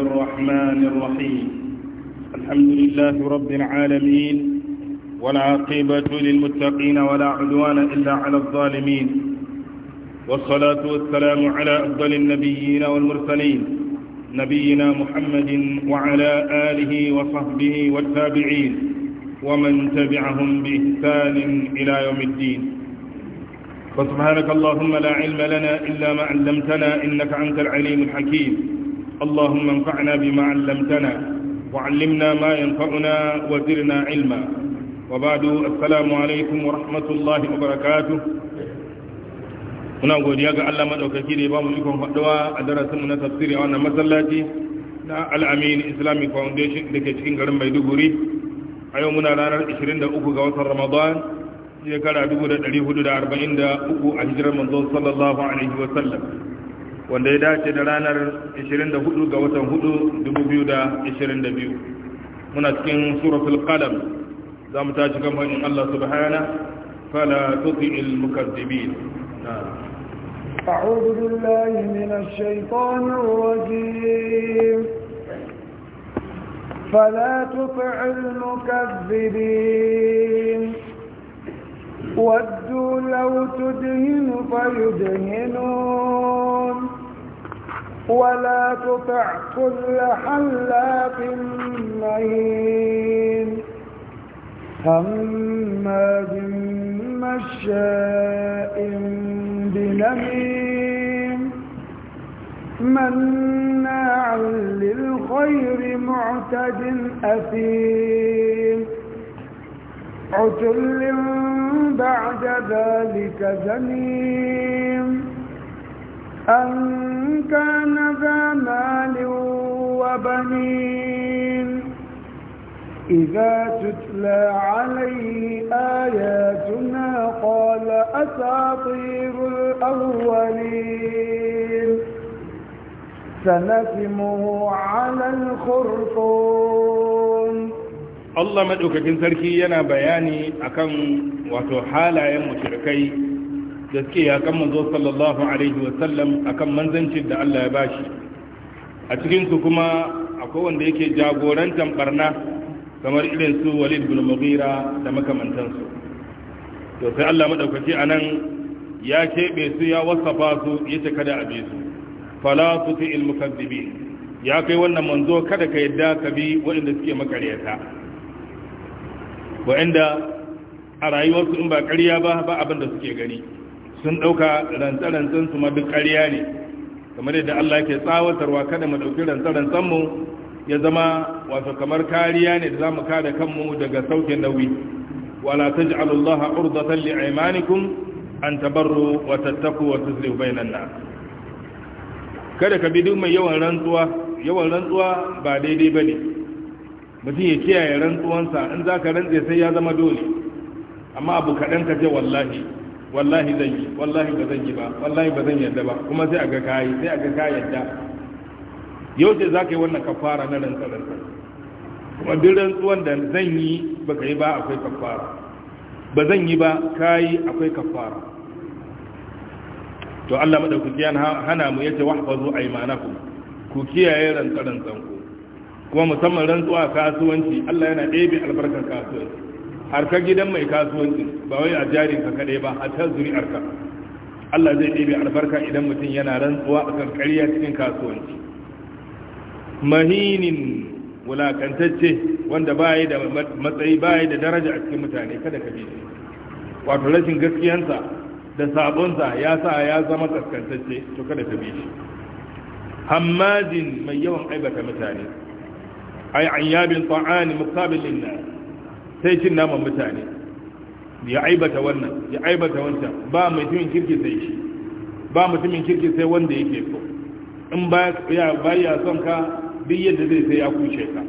الرحمن الرحيم الحمد لله رب العالمين والعاقبة للمتقين ولا عدوان إلا على الظالمين والصلاة والسلام على أفضل النبيين والمرسلين نبينا محمد وعلى آله وصحبه والتابعين ومن تبعهم بإحسان إلى يوم الدين فسبحانك اللهم لا علم لنا إلا ما علمتنا إنك أنت العليم الحكيم اللهم انفعنا بما علمتنا وعلمنا ما ينفعنا وزرنا علما وبعد السلام عليكم ورحمة الله وبركاته muna godiya ga Allah madaukaki da ya bamu ikon faduwa a darasin mu na tafsiri a wannan masallaci na al Islamic Foundation da ke cikin garin Maiduguri a yau muna ranar 23 ga watan Ramadan shekara 443 a hijirar manzon sallallahu alaihi wasallam wanda ya dace da ranar 24 ga watan 4 2022 muna cikin suratul qalam za mu tashi kan fadin Allah subhana fala tuti'il mukazzibin أعوذ بالله من الشيطان الرجيم فلا تطع المكذبين ودوا لو تدهن فيدهنون ولا تطع كل حلاق مهين هماز مشاء بنميم مناع للخير معتد أثيم عتل بعد ذلك زنيم أن كان ذا مال وبنين إذا تتلى عليه آياتنا قال أساطير الأولين سنسمه على الخرطوم Allah maɗaukakin sarki yana bayani akan wato halayen mushrikai da suke yakan manzo sallallahu alaihi sallam akan manzancin da Allah ya bashi a cikin su kuma akwai wanda yake jagorantar barna kamar irin su Walid bin Mughira da makamantansu to sai Allah madaukaki anan ya keɓe su ya wasafa su ya kada a bi su fala su fi ya kai wannan manzo kada ka yadda ka bi waɗanda suke makaryata wa'anda a rayuwarsu in ba ƙarya ba ba abin da suke gani sun ɗauka rantsarantsan su ma duk ƙarya ne kamar yadda Allah ke tsawatarwa kada mu ɗauki rantsa mu ya zama wato kamar kariya ne da zamu kada kanmu daga sauke nauyi wala taj'alullaha urdatan li'aymanikum an tabarru wa tattaku wa tuzlihu bainan nas kada ka bi duk yawan rantsuwa yawan rantsuwa ba daidai bane mutum ya kiyaye rantsuwansa in za ka rantse sai ya zama dole amma abu kaɗan ka je wallahi wallahi zan yi wallahi ba zan yi ba wallahi ba zan yadda ba kuma sai a ga kayi sai a ga ka yadda yau ce za ka yi wannan kafara na rantsa-rantsa kuma duk rantsuwan da zan yi ba ka yi ba akwai kafara ba zan yi ba ka yi akwai kafara to Allah maɗaukaki hana mu yace wahfazu aymanakum ku kiyaye rantsa-rantsan ku kuma musamman rantsuwa kasuwanci Allah yana ɗebe albarkar kasuwanci harkar gidan mai kasuwanci ba wai a jarinka kaɗai ba a ta zuri'arka Allah zai ɗebe albarka idan mutum yana rantsuwa a kan ƙarya cikin kasuwanci mahinin wulakantacce wanda ba yi da matsayi ba yi da daraja a cikin mutane kada ka bi shi wato rashin gaskiyansa da sabonsa ya sa ya zama kaskantacce to kada ka bi shi hammajin mai yawan aibata mutane ay ayyabin ta'ani muqabil linnas sai cin naman mutane ya aibata wannan ya aibata wancan ba mutumin kirki sai shi ba mutumin kirki sai wanda yake so in ba ya baya son ka duk yadda zai sai ya kushe ka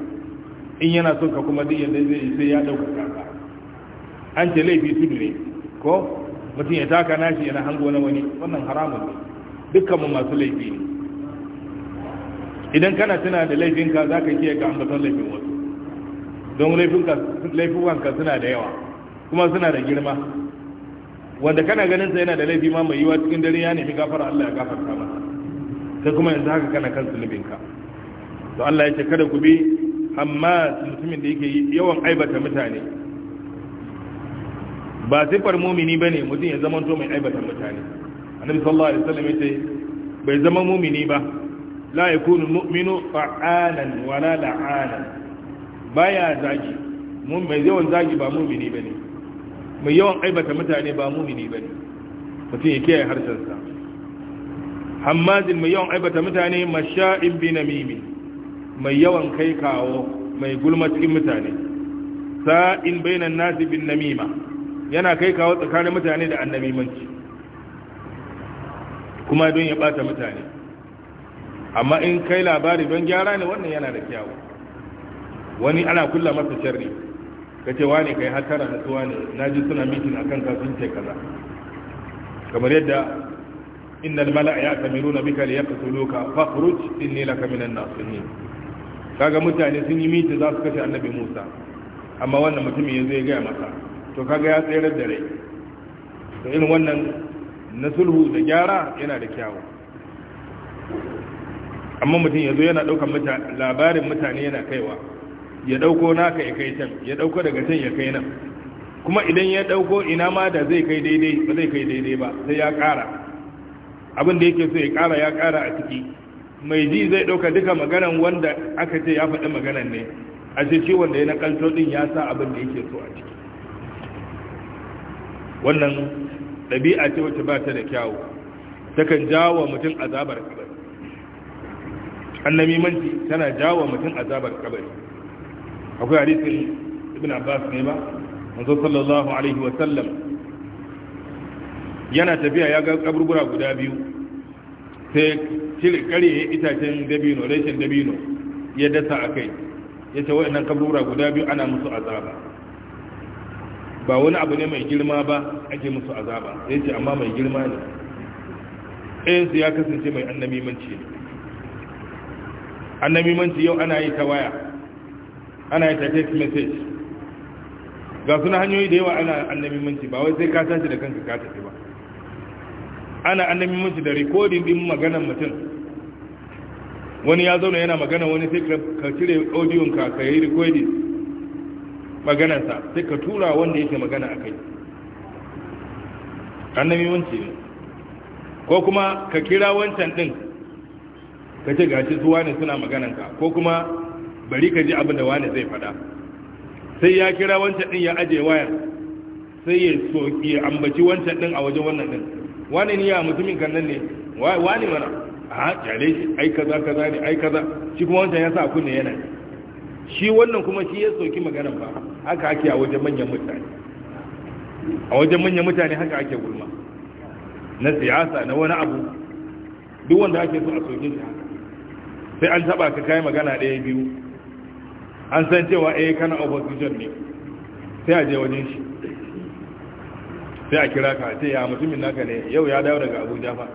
in yana son ka kuma duk yadda zai sai ya dauka ka an ce laifi tudu ne ko mutum ya taka nashi yana hango na wani wannan haramun ne dukkanmu masu laifi ne idan kana tuna da laifinka za ka kiyaye ka ambaton laifin wasu don wanka suna da yawa kuma suna da girma wanda kana ganin sa yana da laifi ma mai yiwa cikin dare ya nemi gafara Allah ya gafarta masa sai kuma yanzu haka kana kan zulubinka to Allah ya ce kada ku bi amma mutumin da yake yawan aibata mutane ba sifar mumini ne mutum ya zama to mai aibata mutane annabi sallallahu alaihi wasallam ce bai zama mumini ba la yakunu mu'minu fa'alan wala Ba baya zagi mun mai yawan zagi ba mu'mini bane mai yawan aibata mutane ba mu'mini bane mutum ya kiyaye harshensa hamadin mai yawan aibata mutane masha'in bi namimi mai yawan kai kawo mai gulma cikin mutane sa'in bainan nasi bin namima yana kai kawo tsakanin mutane da annamimanci kuma don ya bata mutane amma in kai labari don gyara ne wannan yana da kyau wani ana kulla masa sharri ka ce wane kai hatara na tuwa ne na ji suna mitin a kan kafin ce kaza kamar yadda innal mala'a ya kamiru na bika liya kasuluka fakhruj inni laka minan nasihin kaga mutane sun yi mitin za su kashe annabi Musa amma wannan mutumin yanzu ya gaya masa to kaga ya tsere da rai to irin wannan na sulhu da gyara yana da kyau. amma mutum ya zo yana ɗaukar labarin mutane yana kaiwa ya ɗauko naka ya kai can ya ɗauko daga can ya kai nan kuma idan ya ɗauko ina ma da zai kai daidai ba zai kai daidai ba sai ya ƙara abin da yake so ya ƙara ya ƙara a ciki mai ji zai ɗauka duka maganan wanda aka ce ya faɗi maganan ne a ce shi wanda ya nakalto ɗin ya sa abin da yake so a ciki wannan ɗabi'a ce wacce ba ta da kyawu takan jawo mutum azabar kabari annamimanci tana jawo mutum azabar kabari akwai hadisin ibn abbas ne ba manzo sallallahu alaihi wa sallam yana tafiya ya ga kaburbura guda biyu sai cire kare itacen dabino reshen dabino ya dasa a kai ya ce wa'annan kaburbura guda biyu ana musu azaba ba wani abu ne mai girma ba ake musu azaba ya ce amma mai girma ne ɗayansu ya kasance mai annamimanci ne annabi manci yau ana yi ta waya ana yi ta text message ga suna hanyoyi da yawa ana annabi manci ba wai sai ka tashi da kanka ka tafi ba ana annabi manci da recording din maganar mutum wani ya zauna yana magana wani sai ka cire audio ka ka yi recording maganarsa sai ka tura wanda yake magana akai annabi manci ne ko kuma ka kira wancan din ka ce gashi su wane suna magananka ko kuma bari ka ji abin da wane zai faɗa sai ya kira wancan ɗin ya aje wayar sai ya soki ambaci wancan ɗin a wajen wannan ɗin wane ni ya mutumin kan nan ne wane mana a kyale shi ai kaza kaza ne ai kaza shi kuma wancan ya sa kunne yana shi wannan kuma shi ya soki maganan ba haka ake a wajen manyan mutane a wajen manyan mutane haka ake gulma na siyasa na wani abu duk wanda ake so a soke shi sai an taba ka kai magana ɗaya biyu an san cewa eh kana opposition ne sai a je wajen shi sai a kira ka ce ya mutumin naka ne yau ya dawo daga abuja ba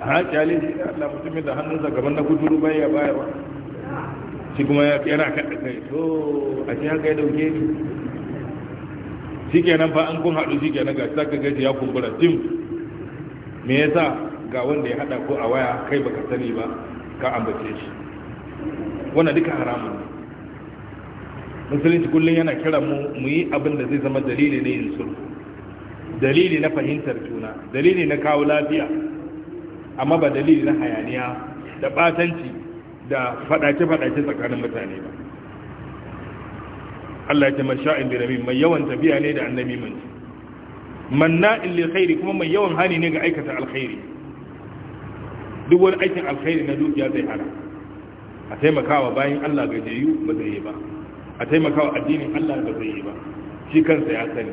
a haƙi ya laifi da allah mutumin da hannunsa gaban na kuturu bai ya baya ba shi kuma ya kera da kai to a shi haka ya dauke ni shi kenan fa an kun haɗu shi kenan ga saka gaji ya kumbura tim me yasa ga wanda ya haɗa ko a waya kai baka sani ba ka ambace shi wanda duka haramun musulunci kullum yana kira mu mu yi abin da zai zama dalili ne yin sulhu dalili na fahimtar juna dalili na kawo lafiya amma ba dalili na hayaniya da batanci da fadace-fadace tsakanin mutane ba Allah ya tamar sha'in da rami mai yawan tafiya ne da annabi manci in lil khairi kuma mai yawan hani ne ga aikata alkhairi duk wani aikin alkhairi na dukiya zai hana a taimakawa bayan Allah ga jayu ba zai yi ba a taimakawa addinin Allah ba zai yi ba shi kansa ya sani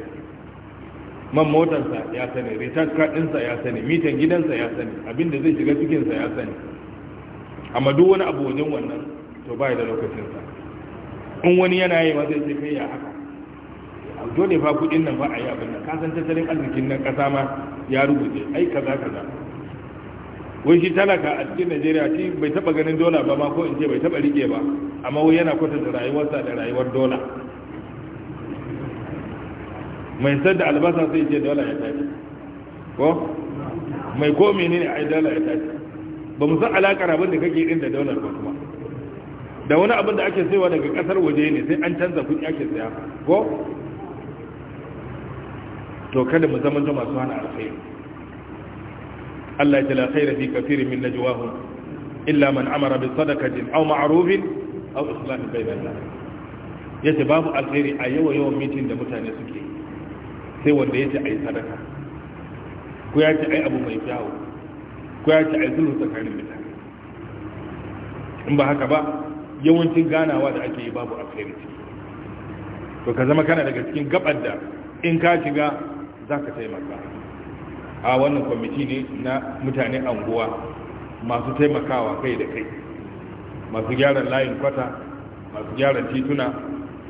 man motarsa ya sani recharge card ɗinsa ya sani mitan gidansa ya sani abinda zai shiga cikinsa ya sani amma duk wani abu wajen wannan to bai da lokacinsa in wani yana yi ma zai ce kai ya haka dole fa kudin nan ba a yi abin nan kasan tattalin arzikin nan kasa ma ya rubuce ai kaza kaza wai shi talaka a cikin najeriya shi bai taba ganin dola ba ma ko in ce bai taba rike ba amma wai yana kwatanta rayuwarsa da rayuwar dola mai da albasa sai ce dola ya tashi ko mai ko menene ai dola ya tashi ba mu san alakar abin da kake din da dolar ba kuma da wani abin da ake saiwa daga kasar waje ne sai an canza kuɗi ake saya ko to kada mu zama masu hana alkhairi Allah ya la khaira fi kafirin min najwahum illa man amara bi sadaqatin aw ma'rufin aw islahin bainan nas yace babu alkhairi a yawa yawan mitin da mutane suke sai wanda yace ayi sadaka ko yace ayi abu mai kyawu ko yace ayi sulhu tsakanin mutane in ba haka ba yawancin ganawa da ake yi babu alkhairi to ka zama kana daga cikin gabar da in ka shiga za ka taimaka a wannan kwamiti ne na mutane anguwa masu taimakawa kai da kai masu gyaran layin kwata masu gyaran tituna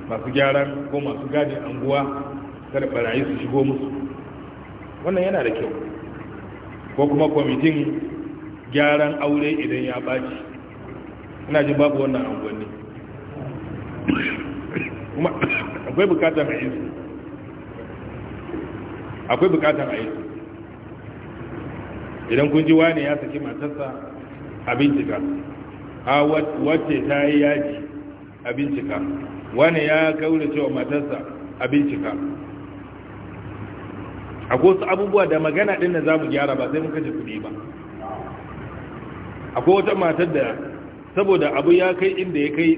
masu gyaran ko masu gadin anguwa kada barayi su shigo musu wannan yana da kyau ko kuma kwamitin gyaran aure idan ya baci ina jin babu wannan anguwanni kuma akwai bukatar a yi su akwai bukatar a yi su idan kun ji wani ya saki matarsa a bincika a wacce ta yi yaji a bincika wani ya kaura cewa matarsa a bincika a wasu abubuwa da magana ɗin da za mu gyara ba sai mun kashe kuɗi ba akwai wata matar da saboda abu ya kai inda ya kai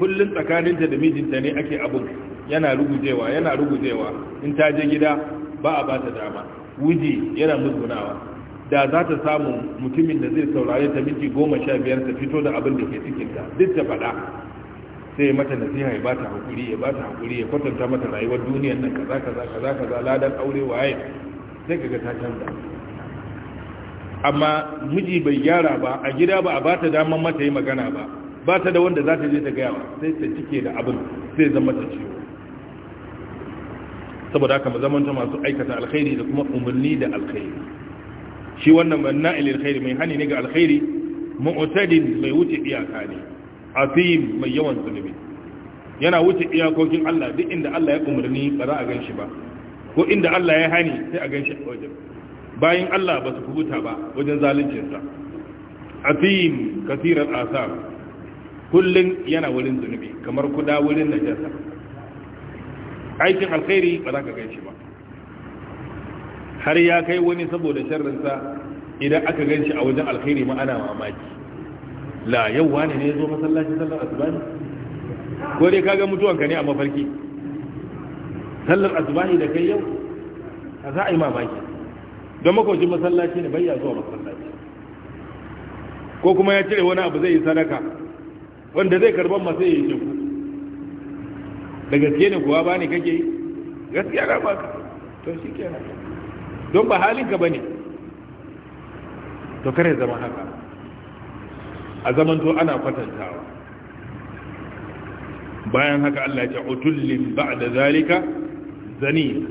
kullum tsakaninta da mijinta ne ake abin yana rugujewa yana rugujewa in ta je gida ba a ba ta dama wuji yana musgunawa da za ta samu mutumin da zai saurare ta miki goma sha biyar ta fito da abin da ke cikinta duk ta faɗa sai mata nasiha ya bata hakuri ya bata hakuri ya kwatanta mata rayuwar duniyar nan kaza kaza kaza kaza ladan aure waye sai kaga ta canza amma miji bai gyara ba a gida ba a bata daman mata yi magana ba ba ta da wanda za ta je ta gaya sai ta cike da abin sai zama ta ciwo saboda haka mu zamanta masu aikata alkhairi da kuma umarni da alkhairi shi wannan manna ilil khairi mai hani ne ga alkhairi mu'tadin mai wuce iyaka ne atim mai yawan zunubi yana wuce iyakokin Allah duk inda Allah ya umarni ba za a ganshi ba ko inda Allah ya hani sai a ganshi a wajen bayan Allah ba su kubuta ba wajen zaluncinsa atim kasirar asar kullum yana wurin zunubi kamar kuda wurin najasa aikin alkhairi ba za ka ganshi ba har ya kai wani saboda sharrinsa idan aka gan shi a wajen alkhairi ma ana mamaki la yau wani ne ya zo masallaci sallar asuba ne ko dai kaga mutuwanka ne a mafarki sallar asuba ne da kai yau a za a yi mamaki don makwacin masallaci ne bayya zuwa masallaci ko kuma ya cire wani abu zai yi sadaka wanda zai karban masu yi shi da gaske ne kuwa ba ne kake yi gaskiya na ka to shi kenan don ba halinka ba ne to kare zama haka a zaman to ana kwatantawa bayan haka Allah ya ce utullin ba'da zalika zani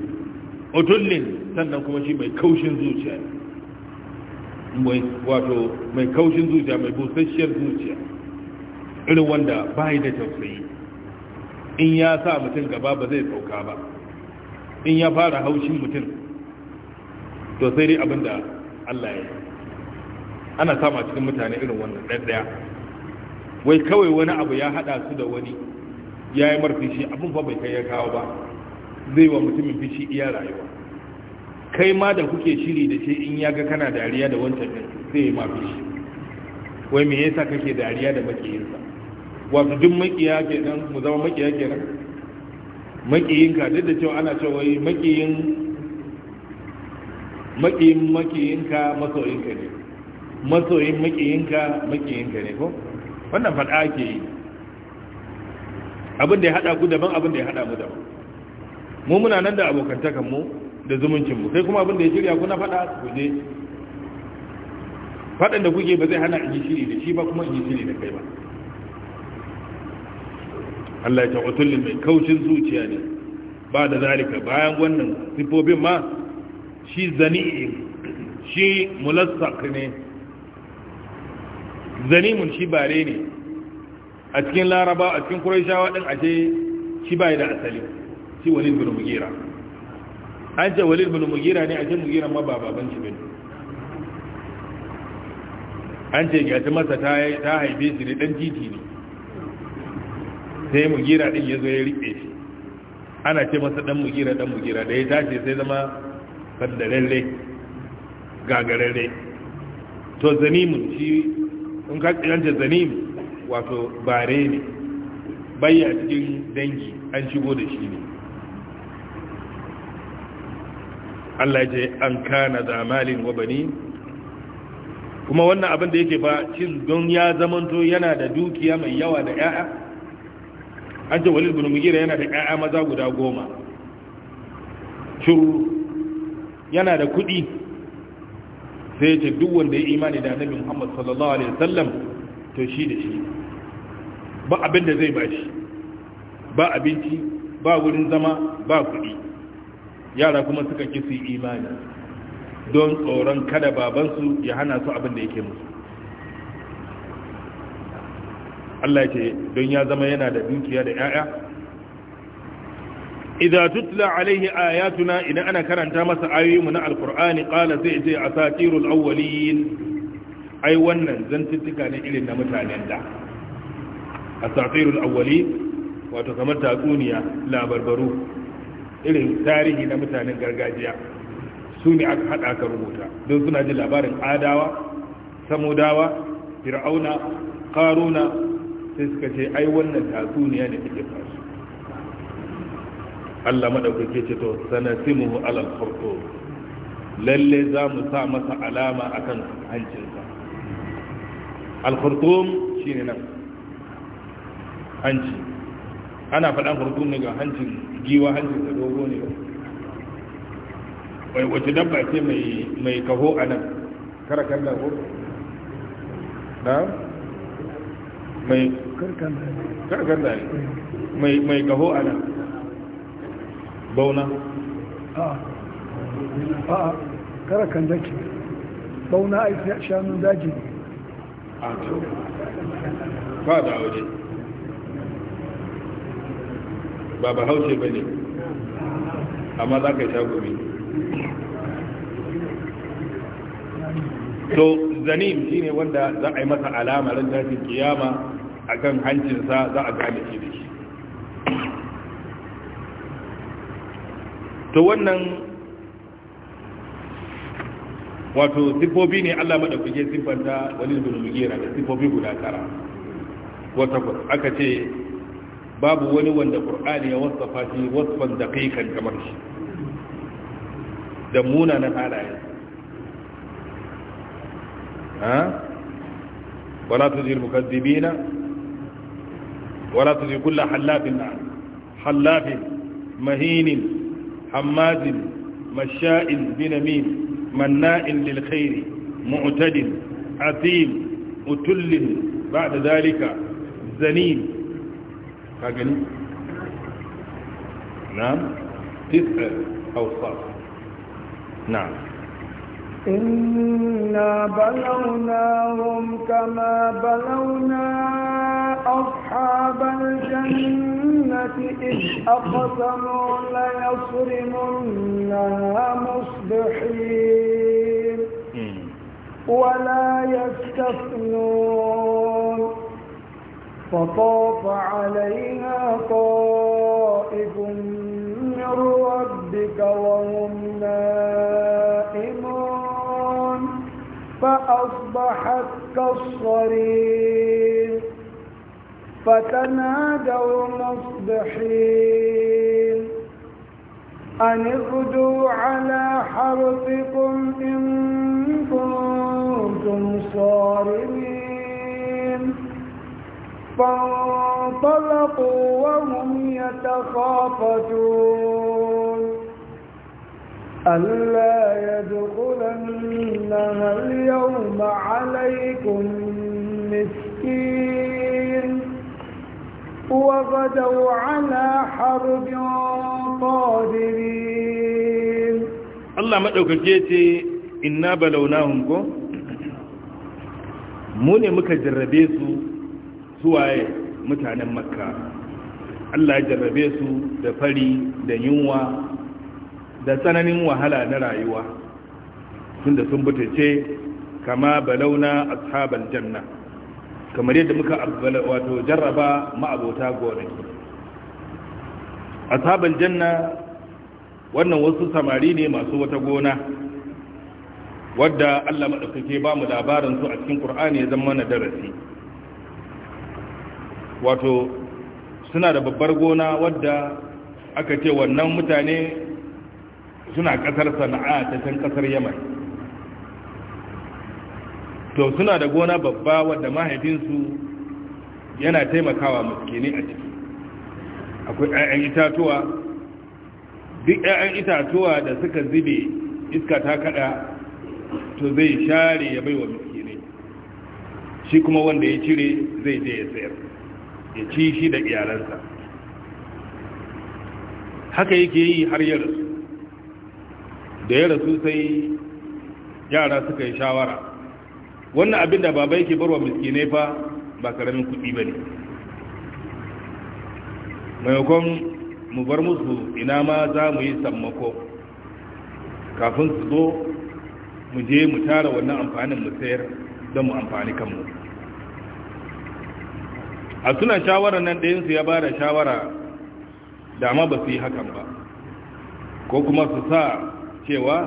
utullin sannan kuma shi mai kaushin zuciya mai wato mai kaushin zuciya mai busasshiyar zuciya irin wanda bai da tausayi in ya sa mutum gaba ba zai sauka ba in ya fara haushin mutum to sai dai abin da Allah ya yi ana samu a cikin mutane irin wannan ɗaya wai kawai wani abu ya haɗa su da wani ya yi marfi shi abin fa bai kai ya kawo ba zai wa mutumin fishi iya rayuwa kai ma da kuke shiri da shi in ya ga kana dariya da wancan ɗin sai ya mafi shi wai me yasa kake dariya da makiyinsa wato duk makiya nan mu zama makiya kenan makiyinka duk da cewa ana cewa wai makiyin makiyin makiyinka masoyinka ne masoyin makiyinka makiyinka ne ko wannan faɗa ke yi abin da ya haɗa ku daban abin da ya haɗa mu daban mu muna nan da abokantakan mu da zumuncin mu sai kuma abin da ya shirya ku na faɗa ku je Faɗin da kuke ba zai hana in yi shiri da shi ba kuma in yi shiri da kai ba Allah ya ta utullin mai kaucin zuciya ne ba da zalika bayan wannan sifofin ma shi zani, shi mulassak ne zanimun shi bare ne a cikin laraba a cikin kuraishawa din ashe shi bai da asali shi walid bin mugira an ce walid bin mugira ne ashe mugira ma ba baban shi bane an ce gaci masa ta haife shi ne dan titi ne sai mugira din ya zo ya rike shi ana ce masa dan mugira dan mugira da ya tashi sai zama fadararre gagararre to zanimin shi in ka tsiranta zanim wato bare ne bayya cikin dangi an shigo da shi ne Allah ya ce an kana da malin wa bani kuma wannan abin da yake ba cin don ya zamanto yana da dukiya mai yawa da 'ya'a. an ce walil bin mugira yana da 'ya'a maza guda goma yana da kuɗi sai ce duk wanda ya imani da annabi Muhammad sallallahu alaihi wasallam to shi da shi ba abin da zai bashi ba abinci ba wurin zama ba kuɗi yara kuma suka ki su imani don tsoron kada babansu ya hana su abin da yake musu Allah ya ce don ya zama yana da dukiya da 'ya'ya idza tutla alaihi tuna, idan ana karanta masa ayoyinmu na alqur'ani qala sai ce asatirul awwalin ai wannan zantuttuka na mutanen da asatirul awwalin wato kamar tatsuniya labarbaru irin tarihi na mutanen gargajiya su ne aka hada aka rubuta don suna ji labarin adawa samudawa fir'auna karuna sai suka ce ai wannan tatsuniya Allah madaukake ce to sanasimuhu alal khurtum lalle za mu sa masa alama akan hancinsa al shi shine nan hanci ana faɗan khurtum ne ga hancin giwa hancin da dogo ne wai wace dabba ce mai mai kaho anan karakan da ko da mai karakan da mai mai kaho anan bauna a karakan daki bauna a shanun daji ne. a ba da waje ba ba haushe ba ne amma za ka yi shagumi to zanim ne wanda za a yi masa alama ran tashin kiyama akan hancinsa za a gane shi ne. to wannan wato sifofi ne Allah madaukake sifanta walid bin mugira da sifofi guda tara wata aka ce babu wani wanda qur'ani ya wasafa shi wasfan kan kamar shi da munanan halaye ha wala tujil mukazzibina wala tujil kullu halafin halafin mahinin حماد مشاء بنميم مناء للخير معتد عثيم أتل بعد ذلك زنيم كاغني نعم تسع أوصاف نعم إنا بلوناهم كما بلوناهم أصحاب الجنة إذ أقسموا ليصرمنها مصبحين ولا يستثنون فطاف عليها طائف من ربك وهم نائمون فأصبحت كالصريم فتنادوا مصبحين أن اغدوا على حرثكم إن كنتم صارمين فانطلقوا وهم يتخافتون ألا يدخلنها اليوم عليكم مسكين وغدوا على حرب قادرين الله مدوكake ce inna balawnahum ko mu ne muka jarrabe su suwaye mutanen makka Allah ya jarrabe su da fari da yunwa da tsananin wahala na rayuwa tunda sun butace kama balauna ashabal janna kamar yadda muka wato jarraba ma'abota gonaki ashabal janna wannan wasu samari ne masu wata gona wadda Allah madaukake ba mu labarin su a cikin Qur'ani ya zama na darasi wato suna da babbar gona wadda aka ce wannan mutane suna ƙasar sana'a ta can kasar Yaman to suna da gona babba wadda mahaifinsu yana taimakawa muskini a ciki akwai 'ya'yan itatuwa duk 'ya'yan itatuwa da suka zube iska ta kada to zai share ya baiwa muskini shi kuma wanda ya cire zai je ya sayar ya ci shi da iyalansa haka yake yi har ya rasu da ya rasu sai yara suka yi shawara wannan abin da baba yake barwa miskinai fa ba karamin kuɗi ba ne maimakon mu bar musu ina ma za mu yi sammako kafin su zo mu je mu tara wannan amfanin mu sayar don mu amfani kanmu a suna shawarar nan ɗayansu ya ba da shawara dama ba su yi hakan ba ko kuma su sa cewa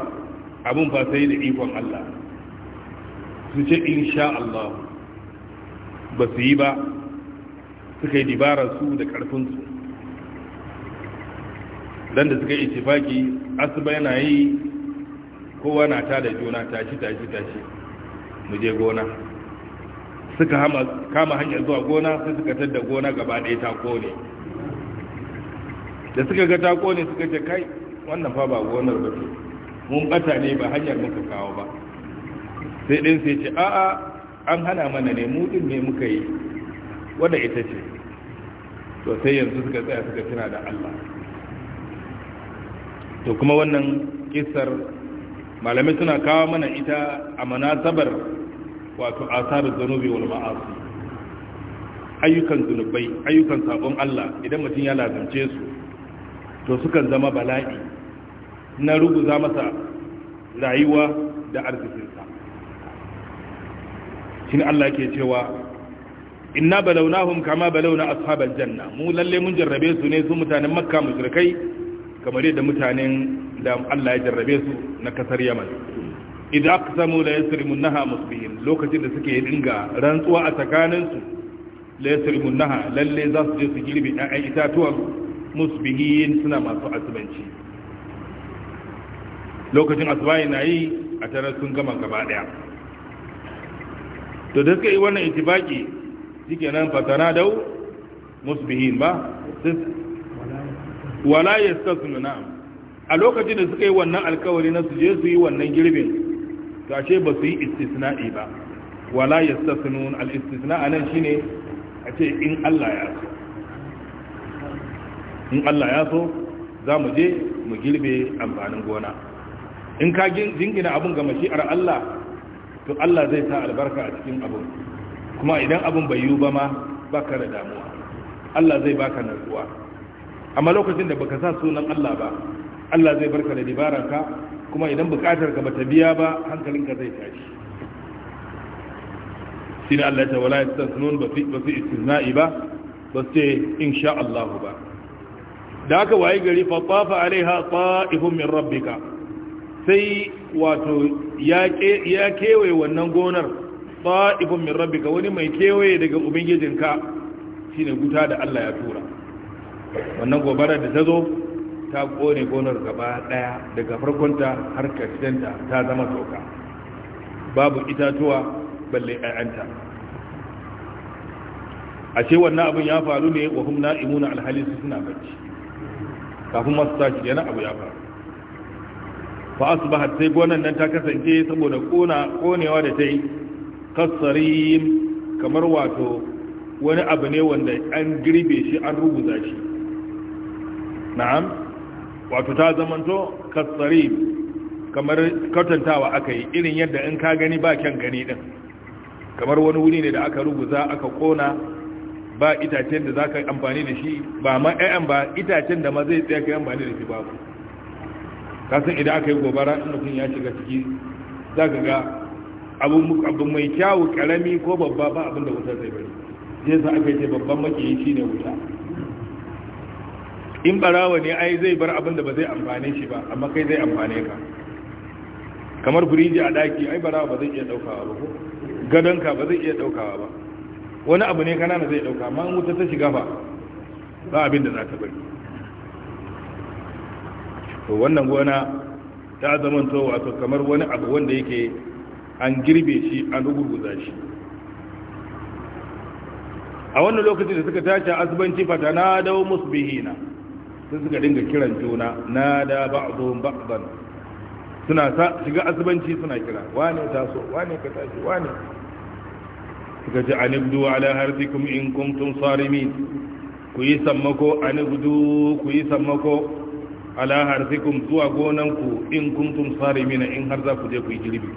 abin fa sai da ikon Allah su ce insha Allah ba su yi ba suka yi dibarar su da ƙarfinsu don da suka yi itifaki asuba yana yi kowa na ta da juna tashi tashi tashi mu je gona suka kama hanyar zuwa gona sai suka tadda gona gaba ɗaya ta kone da suka ga ta kone suka ce kai wannan fa ba gonar ba ce mun ɓata ne ba hanyar muka kawo ba sai ɗin sai ce a'a an hana mana ne mu ɗin ne muka yi wadda ita ce to sai yanzu suka tsaya suka tuna da Allah to kuma wannan kissar malamai suna kawo mana ita a manasabar wato asarar zanubi wal ma'asi ayyukan zunubai ayyukan sabon Allah idan mutum ya lazance su to sukan zama bala'i na ruguza masa rayuwa da arzikinsa shine Allah ke cewa inna balawnahum kama balawna ashabal janna mu lalle mun jarrabe su ne su mutanen makka mushrikai kamar yadda mutanen da Allah ya jarrabe su na kasar yaman idan aka samu la yasrimun musbihin lokacin da suke dinga rantsuwa a tsakaninsu la yasrimun lalle za su je su girbe ɗan itatuwa musbihin suna masu asubanci lokacin asubahi na yi a tarar sun gama gaba ɗaya to da suka yi wannan itibaki shike nan fatana dau musbihin ba wala yastasnu na'am a lokacin da suka yi wannan alkawari na su je su yi wannan girbin to ashe ba su yi istisna'i ba wala yastasnun al'istisna'a nan shi ne a ce in Allah ya so in Allah ya so za mu je mu girbe amfanin gona in ka jingina abin ga mashi'ar Allah to Allah zai sa albarka a cikin abun kuma idan abun bai yiwu ba ma baka da damuwa Allah zai baka nutsuwa amma lokacin da baka sa sunan Allah ba Allah zai barka da dibaranka kuma idan bukatar ka bata biya ba hankalinka zai tashi shine Allah ta ce wala yastanun ba fi ba fi istisna'i ba ba sai insha Allah ba da haka wayi gari fa tafa alaiha ta'ifun min rabbika sai wato ya kewaye wannan gonar ɗa’ibin min ka wani mai kewaye daga ubangijinka shine guta da Allah ya tura wannan gobara da ta zo ta ƙone gonar gaba ɗaya daga farkonta har karshenta ta zama toka babu itatuwa balle ɗayanta a ce wannan abin ya faru ne wa kuma na'imuna alhalisu suna bacci kafin masu tashi yana abu ya faru fa asbahat sai gonan nan ta kasance saboda kona konewa da tai kasarim kamar wato wani abu ne wanda an girbe shi an rubuta shi na'am wato ta zamanto kasarim kamar kautantawa aka yi irin yadda in ka gani ba kyan gani din kamar wani wuri ne da aka rubuta aka kona ba itacen da za ka amfani da shi ba ma 'ya'yan eh, ba itacen da ma zai tsaya ka amfani da shi ba ku. kasan idan aka yi gobara in mutum ya shiga ciki za ka ga abu mai kyawu karami ko babba ba abin da wutar zai bari sai sa aka ce babban makiyi shi ne wuta in barawa ne ai zai bar abin da ba zai amfane shi ba amma kai zai amfane ka kamar firiji a daki ai barawa ba zai iya daukawa ba ko gadonka ba zai iya daukawa ba wani abu ne kanana zai dauka amma in wuta ta shiga ba ba abin da za ta bari to wannan gona ta to wato kamar wani abu wanda yake an girbe shi an rugurguza shi a wannan lokacin da suka tashi azbanci fata na dawo musbihina sun suka dinga kiran juna na da ba'dhum ba'dan suna sa shiga azbanci suna kira wane taso wane ka tashi wane suka ji anibdu ala harzikum in kuntum sarimin ku yi sammako anibdu ku yi sammako ala harfikum zuwa gonanku in kuntum sarimina in har za ku je ku yi girbi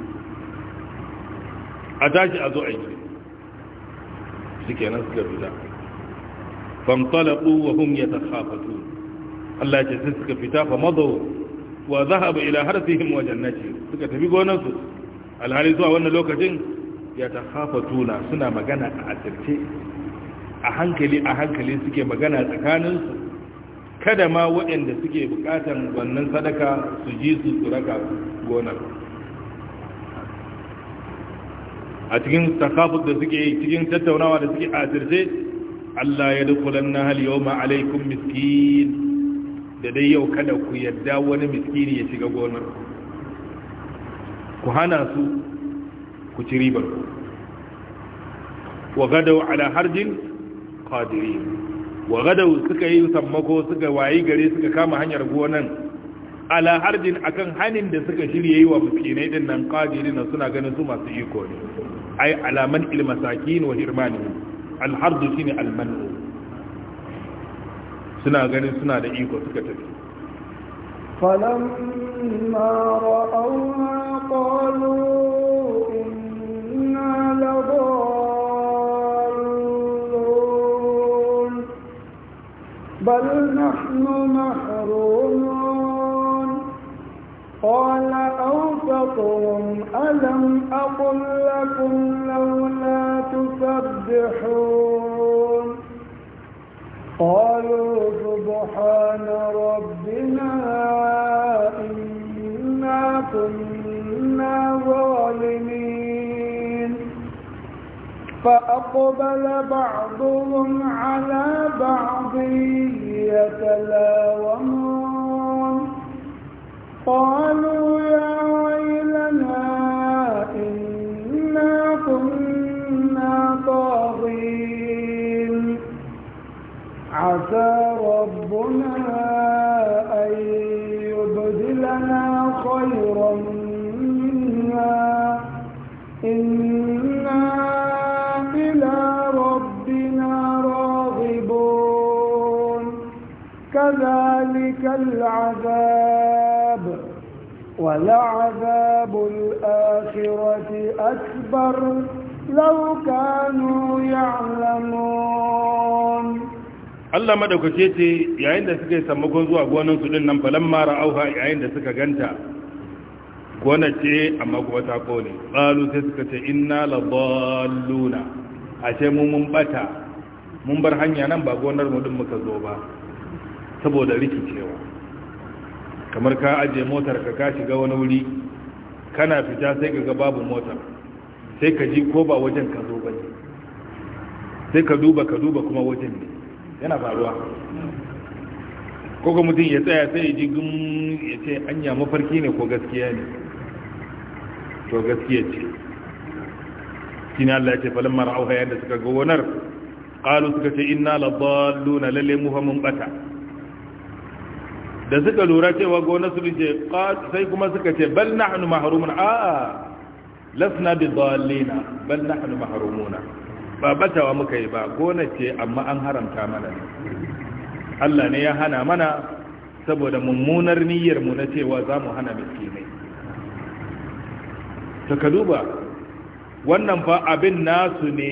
a tashi a zo a yi shi kenan suka fita fantalaqu wa hum yatakhafatun Allah ya ce suka fita fa madaw wa zahaba ila harfihim wa jannati suka tafi gonansu alhali zuwa wannan lokacin ya yatakhafatuna suna magana a asirce a hankali a hankali suke magana tsakaninsu kada ma waɗanda suke bukatan wannan sadaka su ji su tsuraka gonar a cikin takafus da suke cikin tattaunawa da suke asirce Allah ya dukulan na hali yau ma'alaikun miskin da dai yau kada ku yadda wani miskini ya shiga gonar ku hana su ku ci ribar ku wa ala harjin qadirin wa gada suka yi sammako suka wayi gare suka kama hanyar gonan ala harjin akan hanin da suka shirye yi wa miskinai din nan qadirin suna ganin su masu iko ne ai alaman il masakin wa hirmani al harj shine al man suna ganin suna da iko suka tafi فلما رأوها قالوا إنا لضالون بل نحن محرومون قال أوسطهم ألم أقل لكم لولا تسبحون قالوا سبحان ربنا إنا كنا ظالمين فأقبل بعضهم على بعض يتلاومون قالوا العذاب ولعذاب الآخرة أكبر لو كانوا يعلمون Allah madaukake ce yayin da suka yi sammakon zuwa gonan su din nan falan mara auha yayin da suka ganta gonar ce amma kuma ta kone qalu sai suka ce inna la dalluna ashe mu mun bata mun bar hanya nan ba gonar mu din muka zo ba saboda rikicewa kamar ka ajiye motar ka ka shiga wani wuri kana fita sai ka ga babu motar sai ka ji ko ba wajen ka zo bane sai ka duba ka duba kuma wajen ne yana faruwa ko mutum ya tsaya sai ya ji gun ya ce anya mafarki ne ko gaskiya ne to gaskiya ce shine Allah ya ce mara ra'auha yadda suka ga gonar qalu suka ce inna ladalluna lalle mun bata da suka lura cewa gona su ce sai kuma suka ce bal nahnu mahrumun a lasna bi dallina bal nahnu mahrumuna ba batawa muka yi ba gona ce amma an haramta mana Allah ne ya hana mana saboda mummunar niyyar mu na cewa za mu hana miskinai to ka duba wannan fa abin nasu ne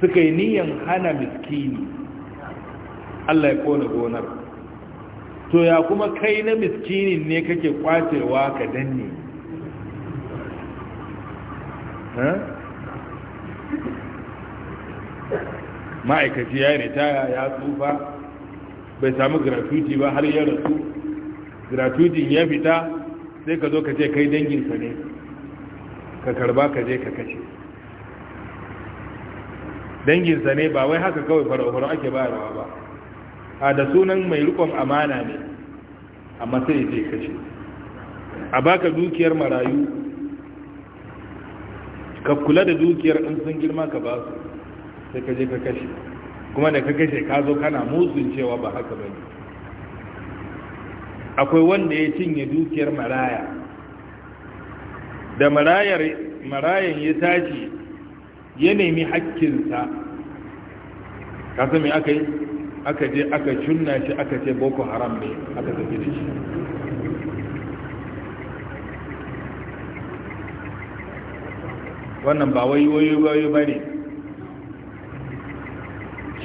suka yi niyyar hana miskini Allah ya kona gonar to ya kuma kai na miskinin ne kake kwacewa ka danne ma'aikaci ya yi ritaya ya tsufa bai samu gratuity ba har ya rasu gratuity ya fita sai ka zo ka ce kai danginsa ne ka karba ka je ka kashe. danginsa ne ba wai haka kawai fara'ufaru ake bayarwa ba a da sunan mai rukon amana ne amma sai ya kashe a baka dukiyar marayu ka kula da dukiyar in sun girma ka ba su sai ka je ka kashe kuma da ka kashe ka zo kana musun cewa ba haka ba ne akwai wanda ya cinye dukiyar maraya da marayan ya tashi ya nemi hakkinsa kasu mai aka yi aka je aka cunna shi aka ce boko haram ne aka tafi da shi wannan ba wai wai wai ba ne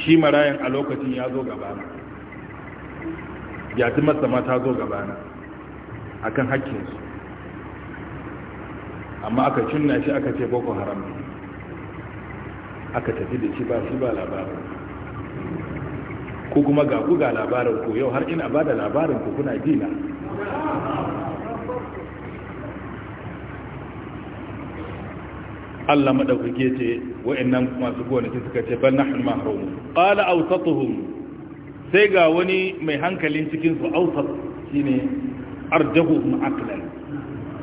shi marayan a lokacin ya zo gabana ya masa ma ta zo gabana a kan haƙƙinsu amma aka cunna shi aka ce boko haram aka tafi da shi ba shi ba labarin ko kuma ga ku ga labarin ku yau har ina bada da labarin ku kuna dina Allah madaukake ce wa'annan masu gonaki suka ce bal nahnu mahrumun qala awsatuhum sai ga wani mai hankalin cikin su awsat shine arjahu aklan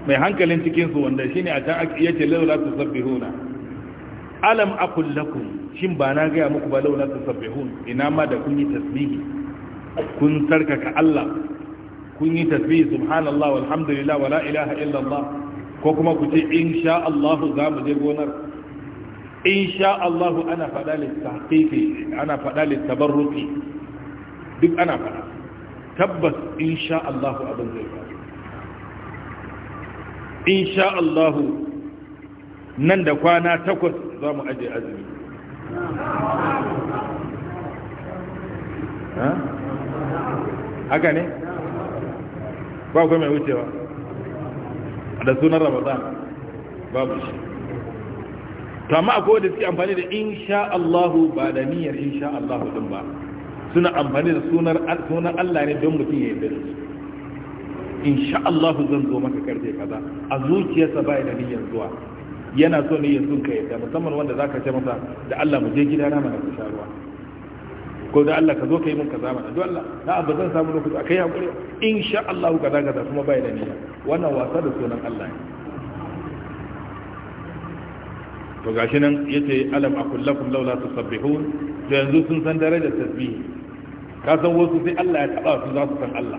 mai hankalin cikin su wanda shine a can yace laula tusabbihuna alam aqul lakum shin ba na gaya muku ba laula tasabbihun ina ma da kun yi tasbihi kun sarkaka Allah kun yi tasbihi subhanallah walhamdulillah wala ilaha illa Allah ko kuma ku ce insha Allah za mu je gonar sha Allah ana fada litahqiqi ana fada litabarruqi duk ana faɗa tabbas in sha Allah abin zai faru in sha Allah nan da kwana takwas za mu aje azumi haka ne ba kuma mai wucewa da sunan ramadan babu shi to amma akwai da suke amfani da insha Allahu ba da niyyar insha Allahu din ba suna amfani da sunar sunan Allah ne don mutum ya yi bin insha Allahu zan zo maka karfe kaza a zuciyarsa ba da niyyar zuwa yana so ne ya sun ka yadda musamman wanda za ka ce masa da Allah mu je gidana mana ku sha ruwa ko da Allah ka zo ka yi min kaza mana don Allah na ba zan samu lokaci kai hakuri insha Allah kaza kaza kuma bai da niyya wannan wasa da sunan Allah ne to gashi nan yace alam akul lakum laula tusabbihun to yanzu sun san darajar tasbihi ka san wasu sai Allah ya taba su za su san Allah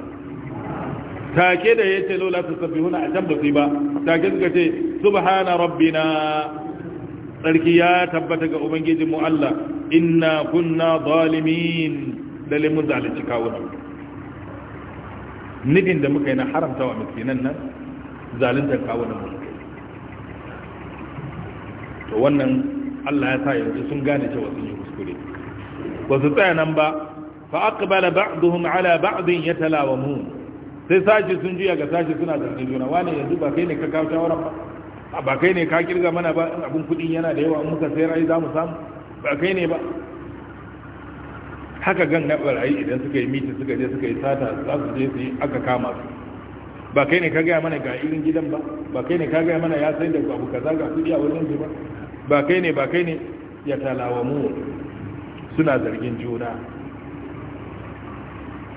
take da yace laula tusabbihuna a can ba sai ba take suka ce subhana rabbina tsarki ya tabbata ga ubangiji mu Allah inna kunna zalimin lalle mun zalunci kawuna nidin da muka yi na haramta wa miskinan nan zalunta kawuna mu to wannan Allah ya sa yanzu sun gane cewa sun yi kuskure ba su tsaya nan ba fa aqbala ba'dhum ala ba'din yatalawamun sai sashi sun juya ga sashi suna zargin juna wani yanzu ba kai ne ka kawo shawaran ba ba kai ne ka kirga mana ba in abin kudin yana da yawa muka sai rai za mu samu ba kai ne ba haka gan na barayi idan suka yi miti suka je suka yi sata za su je su yi aka kama su ba kai ne ka gaya mana ga irin gidan ba ba kai ne ka gaya mana ya sai da abu kaza ga su a wurin ba ba kai ne ba kai ne ya talawa mu? suna zargin juna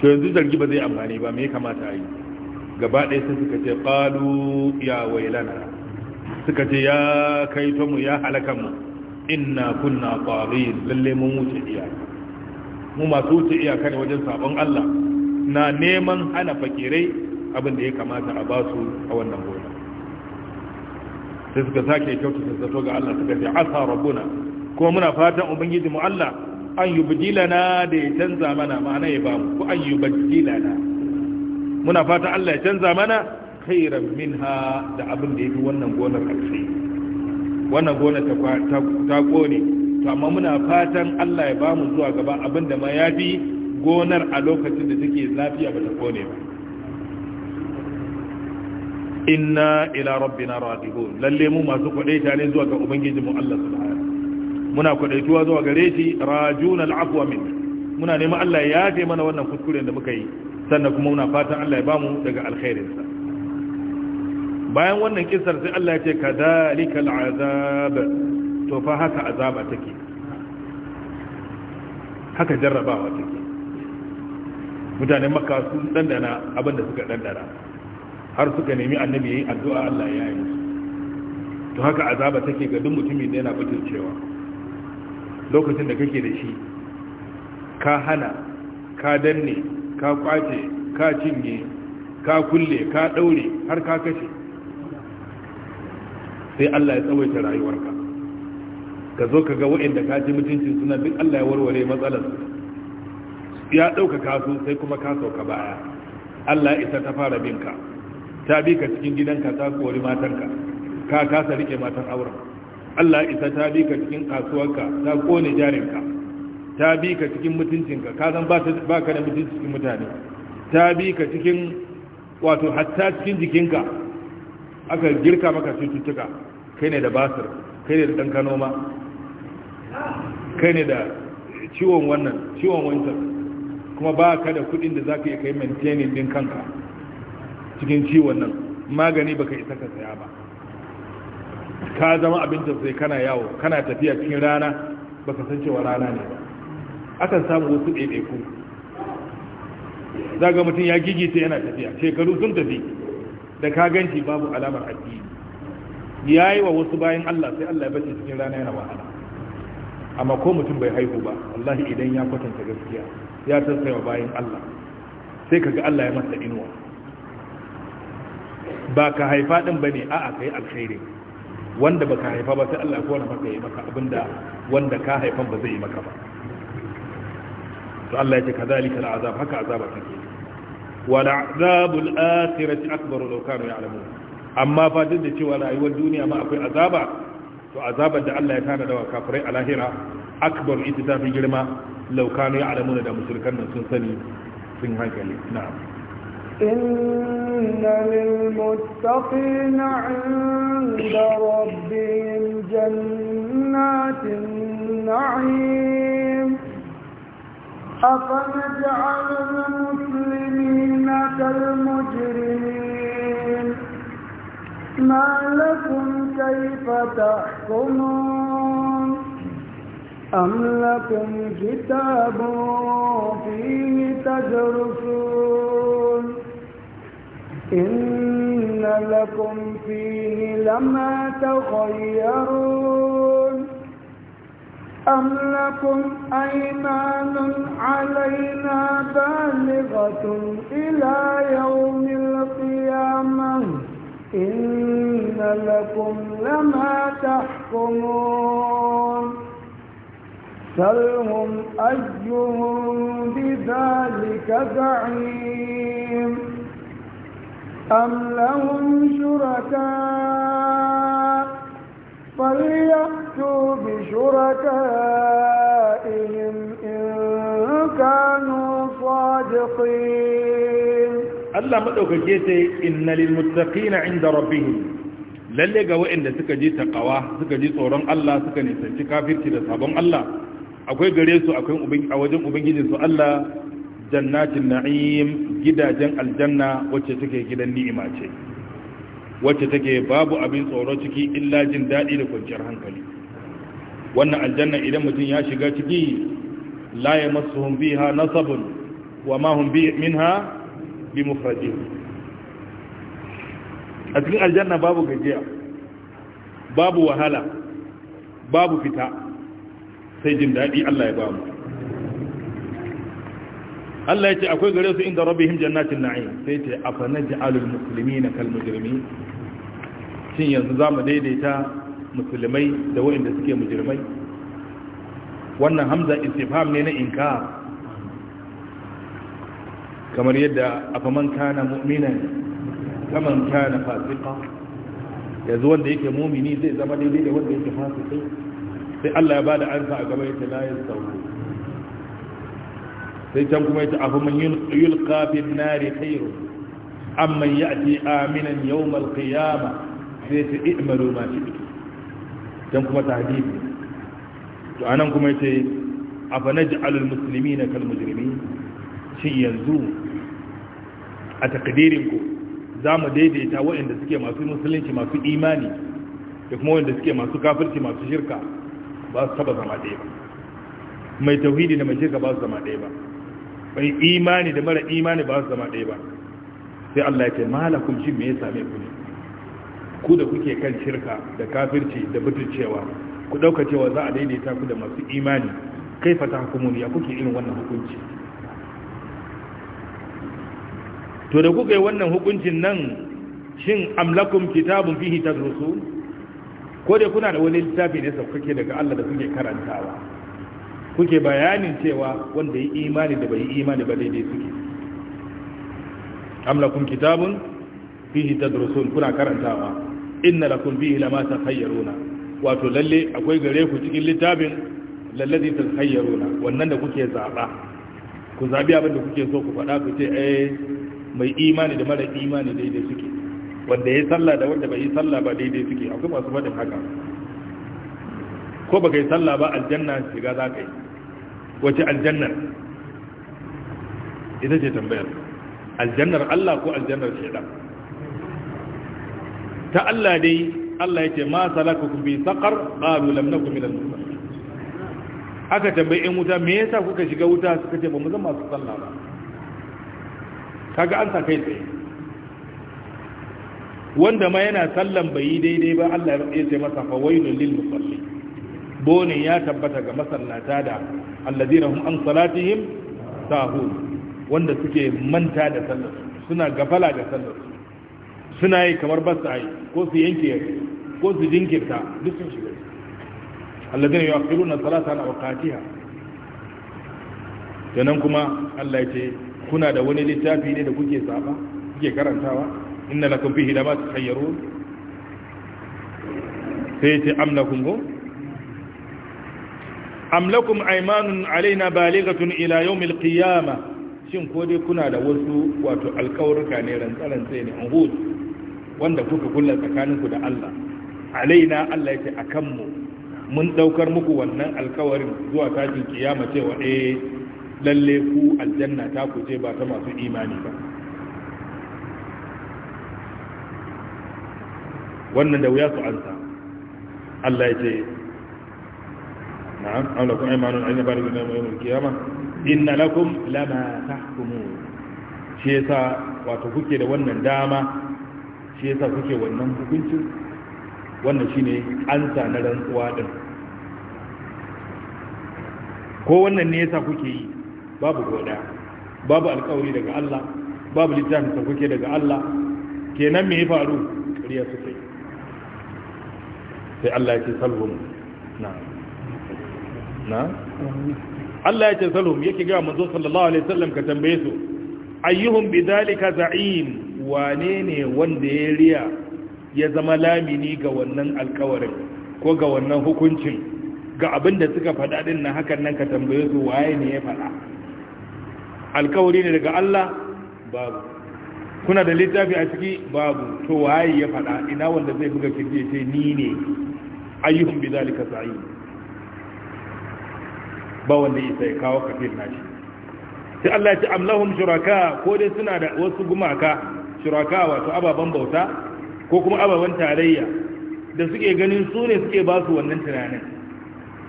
to yanzu zargi ba zai amfani ba me ya kamata a yi gaba ɗaya sai suka ce ƙalu ya wailana suka ce ya kai mu ya halakan mu inna kunna tsarin lalle mun wuce iyaka mu masu wuce iyaka ne wajen sabon Allah na neman hana fakirai abin da ya kamata a ba su a wannan gona sai suka sake kyautata zato ga Allah suka ce asa rabbuna kuma muna fatan ubangiji mu Allah an yubdilana da ya canza mana ma'ana ya ba mu ko an yubdilana muna fatan Allah ya canza mana khairan minha da abin da ya fi wannan gonar alkhairi wannan gonar ta ta kone to amma muna fatan Allah ya bamu zuwa gaba abin da ma fi gonar a lokacin da take lafiya ba ta kone ba inna ila rabbina raghibun lalle mu masu kwadaita ne zuwa ga ubangiji mu Allah subhanahu muna kwadaituwa zuwa gare shi rajuna al'afwa min muna neman Allah ya yafe mana wannan kuskuren da muka yi sannan kuma muna fatan Allah ya bamu daga alkhairinsa bayan wannan kisar sai Allah ya ce kadhalika al'azab to fa haka azaba take haka jarrabawa take mutanen makka sun dandana abinda suka dandana har suka nemi annabi yayin addu'a Allah ya yi to haka azaba take ga duk mutumin da yana cewa lokacin da kake da shi ka hana ka danne ka kwace ka cinye ka kulle ka daure har ka kashe sai Allah ya tsawaita rayuwarka ka zo ka ga wa'inda ka ji mutuncin suna duk Allah ya warware matsalar ya ɗaukaka su sai kuma ka sauka baya Allah ya isa ta fara binka ta bi ka cikin gidanka ta kori matarka ka kasa rike matan auren Allah ya isa ta bi ka cikin kasuwarka ta kone jarinka ta bi ka cikin mutuncinka ka zan ba ka da mutunci cikin mutane ta bi ka cikin wato hatta cikin jikinka aka girka maka cututtuka kai ne da basir kai ne da ɗan kanoma kai ne da ciwon wannan ciwon wancan kuma ba ka da kuɗin da za ka yi kai maintaining ɗin kanka cikin ciwon nan magani baka isa ka saya ba ka zama abin sai kana yawo kana tafiya cikin rana baka san cewa rana ne ba akan samu wasu ɗaiɗaiku za ga mutum ya gigita yana tafiya shekaru sun tafi da ka ganci babu alamar addini ya yi wa wasu bayan Allah sai Allah ya bace cikin rana yana wahala amma ko mutum bai haihu ba wallahi idan ya kwatanta gaskiya ya wa bayan Allah sai kaga Allah ya masa inuwa ba ka haifa din bane a'a kai alkhairi wanda baka haifa ba sai Allah ya kowa maka yi maka abinda wanda ka haifan ba zai yi maka ba to Allah ya ce kadhalika al'azab haka azaba take wal'azabul akhirati akbar law kanu ya'lamun amma fa da cewa rayuwar duniya ma akwai azaba to azabar da Allah ya tana da kafirai a lahira akbar ita ta fi girma law kanu ya'lamun da musulkan nan sun sani sun hankali na'am إن للمتقين عند ربهم جنات النعيم أفنجعل المسلمين كالمجرمين ما لكم كيف تحكمون أم لكم كتاب فيه تدرسون إن لكم فيه لما تخيرون أم لكم أيمان علينا بالغة إلى يوم القيامة إن لكم لما تحكمون سلهم أجهم بذلك زعيم أم لهم شركاء فليأتوا بشركائهم إن كانوا صادقين الله مدوكيته إن للمتقين عند ربهم lalle ga waɗanda suka ji taqawa suka ji tsoron Allah suka nisanci kafirci da sabon Allah akwai gare su a wajen ubangiji su Allah jannatin gidajen aljanna wacce suke gidan ni'ima ce wacce take babu abin tsoro ciki illa jin daɗi da kwanciyar hankali wannan aljanna idan mutum ya shiga ciki la ya masu hun biha nasabun wa ma hun ha bi mufraji a cikin aljanna babu gajiya babu wahala babu fita sai jin daɗi Allah ya ba mu Allah ya ce akwai gare su inda rabbihim jannatin na'im sai ce afa naj'alul muslimina kal mujrimin shin yanzu za mu daidaita musulmai da waɗanda suke mujirmai wannan hamza istifham ne na inkar kamar yadda afaman kana mu'minan kaman kana fasika yanzu wanda yake mumini zai zama daidai da wanda yake fasikai sai Allah ya bada ansa a gaba yake la yasawu sai can kuma yace afaman yulqa bin nari khairun amman ya'ti aminan yawm al-qiyamah sai ce i'malu eh, ma shi dan kuma ta tahdidi to anan kuma yace afa naj'alul muslimina kal mujrimin shi yanzu a takdirin ku mu daidaita waɗanda suke masu musulunci masu imani da kuma waɗanda suke masu kafirci masu shirka ba su taba zama ɗaya ba mai tauhidi da mai shirka ba su zama ɗaya ba mai imani da mara imani ba su zama ɗaya ba sai Allah ya ce malakum shi me ya same ku ne ku da kuke kan shirka da kafirci da butulcewa ku dauka cewa za a daidaita ku da masu imani kaifa tahkumun ya kuke irin wannan hukunci to da kuka yi wannan hukuncin nan shin amlakum kitabun fihi tadrusu ko dai kuna da wani littafi ne saukake daga Allah da kuke karantawa kuke bayanin cewa wanda yi imani da bai yi imani ba daidai suke amlakum kitabun fihi tadrusun kuna karantawa inna lakum bihi lama tahayyaruna wato lalle akwai gare ku cikin littafin lalladhi tahayyaruna wannan da kuke zaba ku zabi abin da kuke so ku faɗa ku ce eh mai imani da mara imani daidai suke wanda ya sallah da wanda bai yi sallah ba daidai suke akwai masu faɗin haka ko baka yi sallah ba aljanna shiga za ka yi wace aljannar ita ce tambayar aljannar Allah ko aljannar shaitan ta Allah dai Allah ya ce ma salakakum bi saqar qalu lam nakum minal musallin aka tambaye in wuta me yasa kuka shiga wuta suka ce ba mu zama su sallah ba kaga an sa kai tsaye wanda ma yana sallan bai yi daidai ba Allah ya ce masa fa wailul lil musallin bonin ya tabbata ga masallata da alladina hum an salatihim sahun wanda suke manta da sallar suna gafala da sallar suna yi kamar ba su yi ko su yanke ko su jinkirta duk sun shiga alladina yu'akhiruna salata ala waqatiha nan kuma Allah ya ce kuna da wani littafi ne da kuke saba kuke karantawa inna lakum fihi lama takhayyarun sai ya ce amlakum go amlakum aymanun alaina balighatun ila yawmil qiyamah shin ko dai kuna da wasu wato alƙawurka ne rantsarantsai ne an hutu wanda kuka kulla tsakaninku da Allah alaina Allah ya ce a kanmu mun daukar muku wannan alkawarin zuwa tashin kiyama cewa eh lalle ku aljanna ta ku ce ba ta masu imani ba wannan da wuya su ansa Allah ya ce na'am an lakum aymanun an yabar bi yawmil kiyama. inna lakum lama tahkumun shi yasa wato kuke da wannan dama shi yasa kuke wannan hukuncin wannan shine ansa na rantsuwa din ko wannan ne yasa kuke yi babu goda babu alƙawari daga Allah babu littafin da kuke daga Allah kenan me ya faru ƙarya suke sai Allah ya ce salhum na na Allah ya ce salhum yake ga manzo sallallahu alaihi wasallam ka tambaye su ayyuhum bidhalika za'im wane ne wanda ya riya ya zama lamini ga wannan alkawarin ko ga wannan hukuncin ga abin da suka faɗa ɗin na hakan nan ka tambaye su waye ne ya faɗa alkawari ne daga Allah babu kuna da littafi a ciki babu to waye ya faɗa ina wanda zai buga kirje ce ni ne ayyuhun bi zalika sa'i ba wanda ya sai kawo kafin nashi sai Allah ya ce amlahum shuraka ko dai suna da wasu gumaka shuraka wato ababen bauta ko kuma ababen tarayya da suke ganin su ne suke ba su wannan tunanin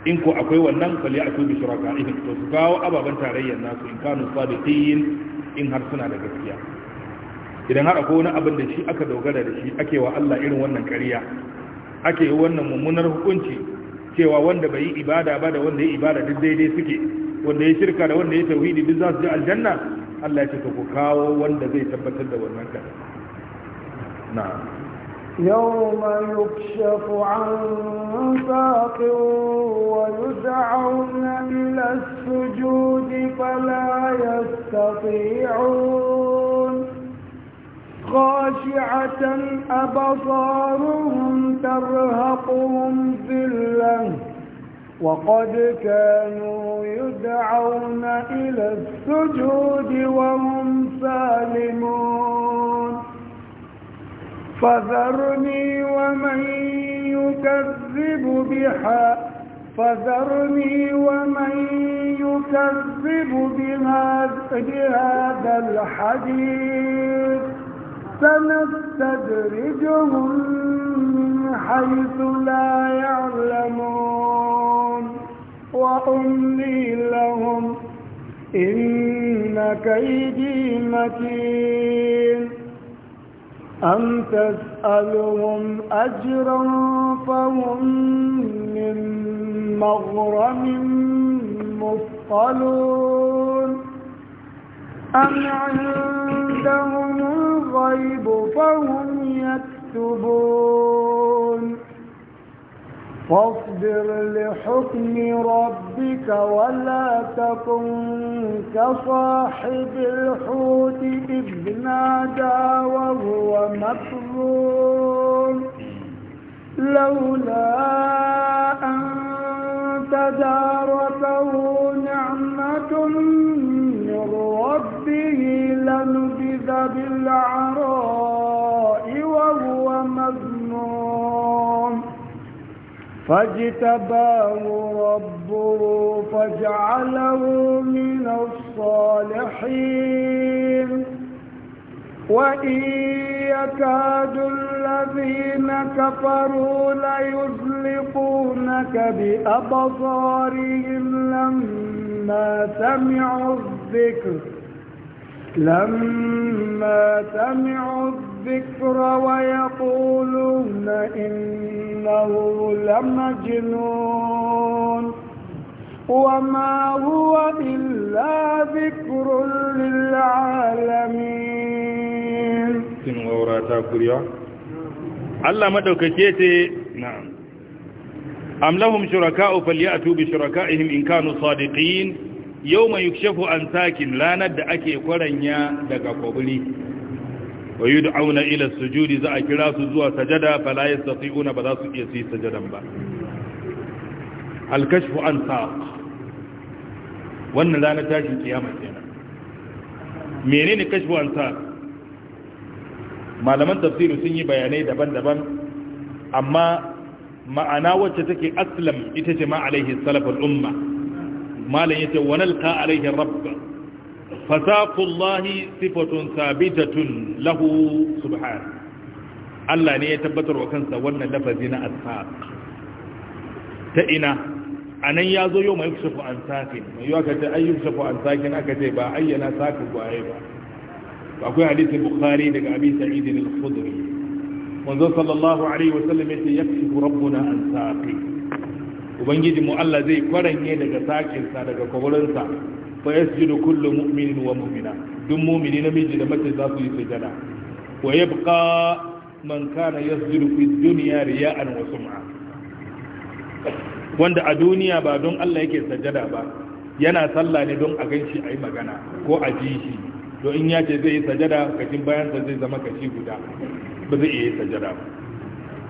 in ko akwai wannan kwalli a tubi shuraka ihin to su kawo ababen tarayyar nasu in kanu sadiqin in har suna da gaskiya idan har akwai wani abin da shi aka dogara da shi ake wa Allah irin wannan ƙarya ake yi wannan mummunar hukunci cewa wanda bai yi ibada ba da wanda ya ibada duk daidai suke wanda ya shirka da wanda ya tauhidi duk za su je aljanna Allah ya ce ku kawo wanda zai tabbatar da wannan kadan na'am يوم يكشف عن ساق ويدعون إلى السجود فلا يستطيعون خاشعة أبصارهم ترهقهم ذلة وقد كانوا يدعون إلى السجود وهم سالمون فذرني ومن يكذب بها فذرني ومن يكذب بهذا الحديث سنستدرجهم من حيث لا يعلمون وأملي لهم إن كيدي متين أم تسألهم أجرا فهم من مغرم مثقلون أم عندهم الغيب فهم يكتبون فاصبر لحكم ربك ولا تكن كصاحب الحوت إذ نادى وهو مكظوم لولا أن تداركه نعمة من ربه لنبذ بالعراء وهو مذموم فاجتباه ربه فجعله من الصالحين وإن يكاد الذين كفروا ليزلقونك بأبصارهم لما سمعوا الذكر لما سمعوا الذكر ويقولون إنه لمجنون وما هو إلا ذكر للعالمين الله مدوك جيتي نعم أم لهم شركاء فليأتوا بشركائهم إن كانوا صادقين yau mai yukshafu an sakin ranar da ake kwaranya daga kwabuli wa yi auna ila sujudi za a kira su zuwa sajada falayar safi'una ba za su iya su yi sajadan ba alkashfu an saq wannan ranar tashin kiyama kenan menene kashfu an saq malaman tafsiru sun yi bayanai daban-daban amma ma'ana wacce take aslam ita ce ma alaihi salafin umma malam yace wa nalqa alayhi rabb fasaqullahi sifatun sabitatun lahu subhanahu Allah ne ya tabbatar wa kansa wannan lafazi na ashaq ta ina anan ya zo yau mai yusufu an sakin mai yau aka ce ai yusufu an sakin aka ce ba ayyana sakin gwaye ba akwai hadisin bukhari daga abi sa'id al-khudri manzo sallallahu alaihi wa sallam yace yakshifu rabbuna an saqi ubangiji mu Allah zai kwaranye daga sakinsa daga kwabarinsa fa yasjudu kullu mu'minin wa mu'mina duk mu'mini namiji da mace za su yi sujada wa yabqa man kana yasjudu fi dunya riya'an wa sum'a wanda a duniya ba don Allah yake sujada ba yana sallah ne don a ganshi ayi magana ko a ji shi to in ya ce zai yi sajada kashin sa zai zama kashi guda ba zai iya yi sajada ba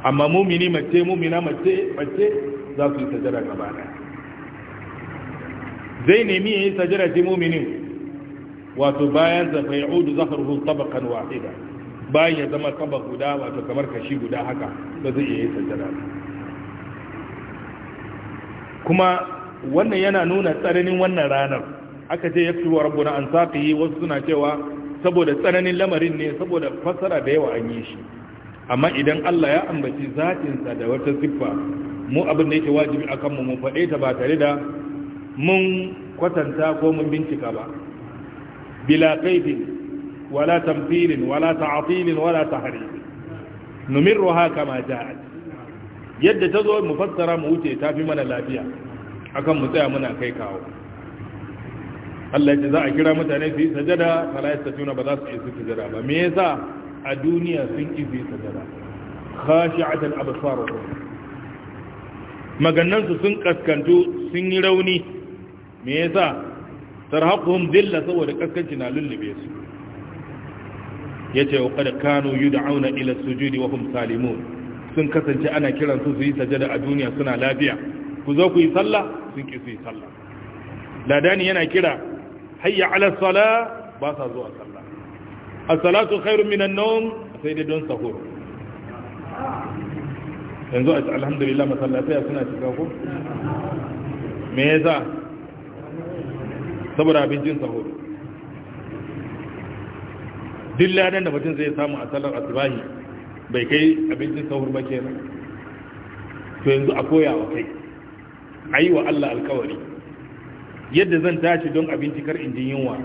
amma mumini mace mumina mace mace za su yi sajada gaba da. zai nemi ya yi sajada ji muminin wato bayan zafa ya udu zaharhu tabakan wahida bayan ya zama tabak guda wato kamar kashi guda haka da zai iya yi sajada kuma wannan yana nuna tsananin wannan ranar aka ce ya fi wa na an saƙi wasu suna cewa saboda tsananin lamarin ne saboda fassara da yawa an yi shi amma idan Allah ya ambaci zaɗinsa da wata siffa mu abin da yake wajibi a kanmu mu faɗe ta ba tare da mun kwatanta ko mun bincika ba bila kaifin wala tamfilin wala ta'atilin wala tahrif numirruha kama ja'at yadda ta zo mu fassara mu wuce ta fi mana lafiya akan mu tsaya muna kai kawo Allah ya ce za a kira mutane su yi sajada fala yastatuna ba za su yi sajada ba me yasa a duniya sun ki su yi sajada khashi'atan absaruhum magannansu sun kaskantu sun yi rauni me yasa tarhaquhum zilla saboda kaskanci na lullube su yace wa qad kanu yud'auna ila sujudi wa hum sun kasance ana kiran su su yi sajada a duniya suna lafiya ku zo ku yi sallah sun ki su yi sallah ladani yana kira hayya ala sala ba sa zuwa sallah as-salatu khairun minan nawm sai dai don sahur yanzu a alhamdulillah masallatai suna cika ko me yasa saboda abincin sahur duk ladan da mutum zai samu a sallar asibahi bai kai abincin sahur ba kenan to yanzu a koya wa kai a yi wa Allah alkawari yadda zan tashi don abinci kar in yunwa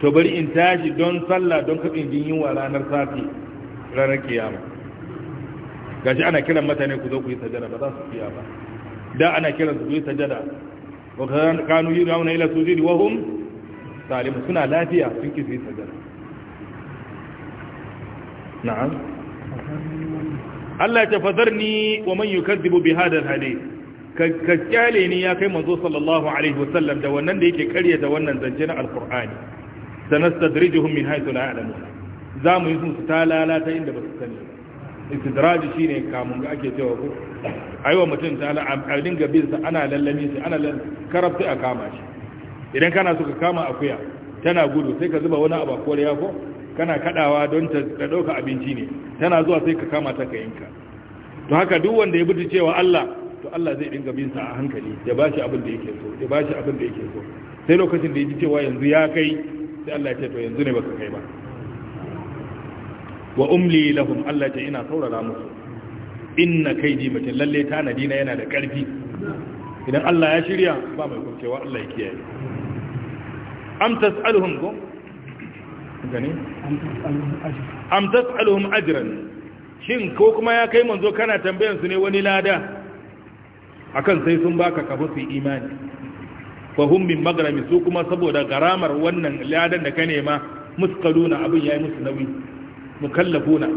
to bari in tashi don sallah don kar in jin yunwa ranar safi ranar kiyama gashi ana kiran mutane ku zo ku yi sajada ba za su iya ba da ana kiran su yi sajada wa kanu yi rauna ila sujudi wa hum salimu suna lafiya sun ki su yi sajada na'am Allah ya ni wa man yukazzibu bi hadal hadith ka kyale ni ya kai manzo sallallahu alaihi wasallam da wannan da yake karya da wannan zance na alqur'ani sanastadrijuhum min haythu la ya'lamun za mu yi su ta lalata inda ba su sani ba istidraji shine kamun ga ake cewa ko aiwa mutum ta a dinga bin sa ana lallami shi ana karabta a kama shi idan kana so ka kama akuya tana gudu sai ka zuba wani abu a koriya ko kana kadawa don ta dauka abinci ne tana zuwa sai ka kama ta ka yanka to haka duk wanda ya bi cewa Allah to Allah zai dinga bin sa a hankali ya bashi abin da yake so ya bashi abin da yake so sai lokacin da ya ji cewa yanzu ya kai sai Allah ya ce to yanzu ne baka kai ba wa umli lahum Allah ce ina saurara musu inna kaidi mutum lalle tanadi na yana da ƙarfi idan Allah ya shirya ba mai kurcewa Allah ya kiyaye am tas'aluhum ko gani am tas'aluhum ajran shin ko kuma ya kai manzo kana tambayan su ne wani lada akan sai sun baka kafin su imani fahum min magrami su kuma saboda garamar wannan ladan da ka nema muskaluna abin yayi musu nauyi mukallafuna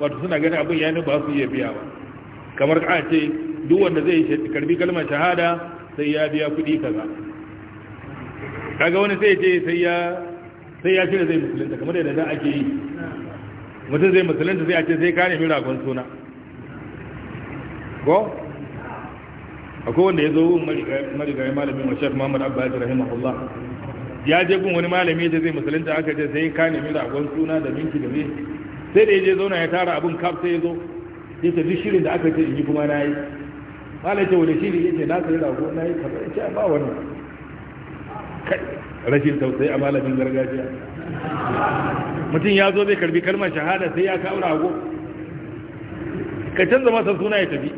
wato suna ganin abin ya ba su iya biya ba kamar a ce duk wanda zai karbi kalmar shahada sai ya biya kuɗi kaza kaga wani sai ce sai ya sai ya shirya zai musulunta kamar yadda za ake yi mutum zai musulunta sai a ce sai ka nemi ragon suna ko akwai wanda ya zo gun marigayi malamin mashaf muhammad abbas rahimahullah ya je gun wani malami da zai musulunta aka ce sai ka nemi ragon suna da minki da minki sai da ya je zauna ya tara abin kaf sai ya zo ya ce duk shirin da aka ce in yi kuma na yi malai ce wani shiri ya ce na sai rago na yi kaza ya ce ba wani rashin tausayi a malamin gargajiya mutum ya zo zai karbi kalmar shahada sai ya kawo rago ka canza masa suna ya tafi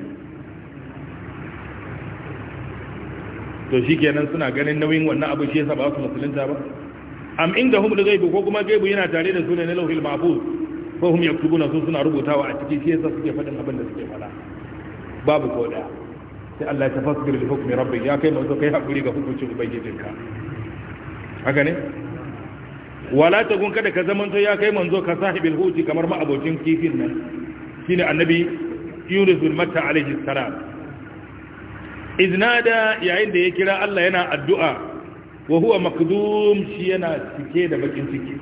to shi kenan suna ganin nauyin wannan abin shi yasa ba su musulunta ba am inda hum lugaibu ko kuma gaibu yana tare da sunan na lauhil mahfuz ko hum yaktubuna sun suna rubutawa a cikin shi yasa suke faɗin abin da suke fara. babu ko da sai Allah ya tafasbir da hukmi rabbi ya kai manzo kai hakuri ga hukuncin ubangijinka haka ne wala gun kada ka to ya kai manzo ka sahibul huti kamar ma abokin kifin nan shine annabi Yunus bin Matta alaihi salam iznada yayin da ya kira Allah yana addu'a wa huwa makdum shi yana cike da bakin ciki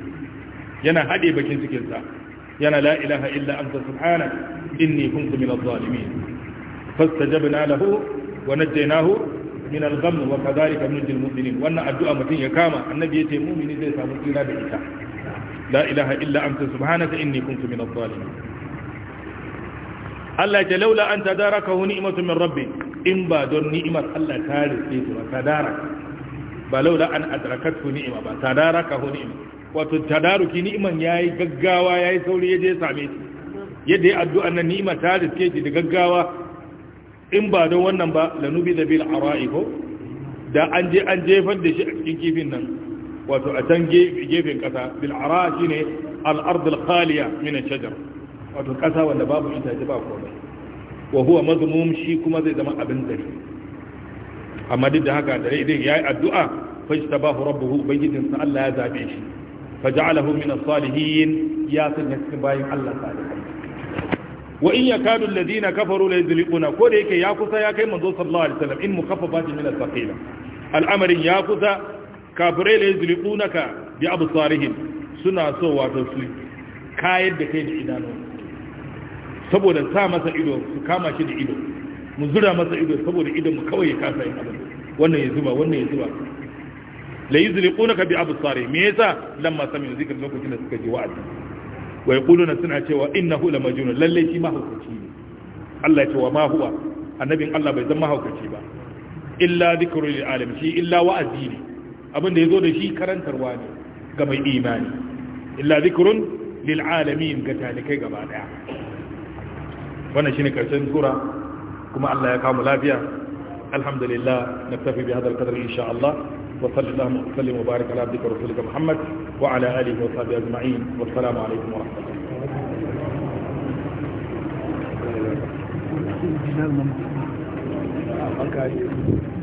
yana hade bakin cikinsa yana la ilaha illa anta subhanaka inni kuntu minaz zalimin fastajabna lahu wa najjaynahu min al-gham wa kadhalika nunjil mu'minin wannan addu'a mutum ya kama annabi yace mu'mini zai samu tsira da ita la ilaha illa anta subhanaka inni kuntu minaz zalimin Allah ya laula an tadarakahu ni'matu min rabbi in ba don ni'imar Allah ta rike su ba tadaraka ba laula an adrakathu ni'ma ba ta tadarakahu ni'ma wato tadaruki ni'iman ya yi gaggawa ya yi sauri yaje ya same shi yadda ya addu'a nan ni'ima ta riske shi da gaggawa in ba don wannan ba lanubi da bil ara'i da an je an jefar da shi a cikin kifin nan wato a can gefen ƙasa, bil ara shine al ard khaliya min al shajar wato ƙasa wanda babu itace ba komai wa huwa mazmum shi kuma zai zama abin dare amma duk da haka dare idan yi addu'a ta hu, fajtabahu rabbuhu ubangijinsa Allah ya zaɓe shi faja'alahu min as-salihin ya sanya cikin bayin Allah salihai wa in yakadu alladhina kafaru la yuzliquna ko da yake ya kusa ya kai manzo sallallahu alaihi wasallam in mukhaffafatin min as-saqila al'amarin ya kusa kafirai bi suna so wato da kai da idanu saboda sa masa ido su kama shi da ido mu zura masa ido saboda idan mu kawai ya kasa yin abin wannan ya zuba wannan ya zuba la yuzliqunaka bi absari me yasa lamma sami zikr lokacin da suka ji wa'azi wa yaquluna suna cewa innahu la majnun lalle shi ma mahaukaci ne Allah ya ce wa ma huwa annabin Allah bai zama haukaci ba illa zikru lil alamin shi illa wa'azi ne abin da yazo da shi karantarwa ne ga mai imani illa zikrun lil alamin ga talikai gaba daya wannan shine karshen sura kuma Allah ya kawo lafiya alhamdulillah naktafi bi hadha al-qadr insha Allah وصل اللهم وسلم وبارك على عبدك ورسولك محمد وعلى اله وصحبه اجمعين والسلام عليكم ورحمه الله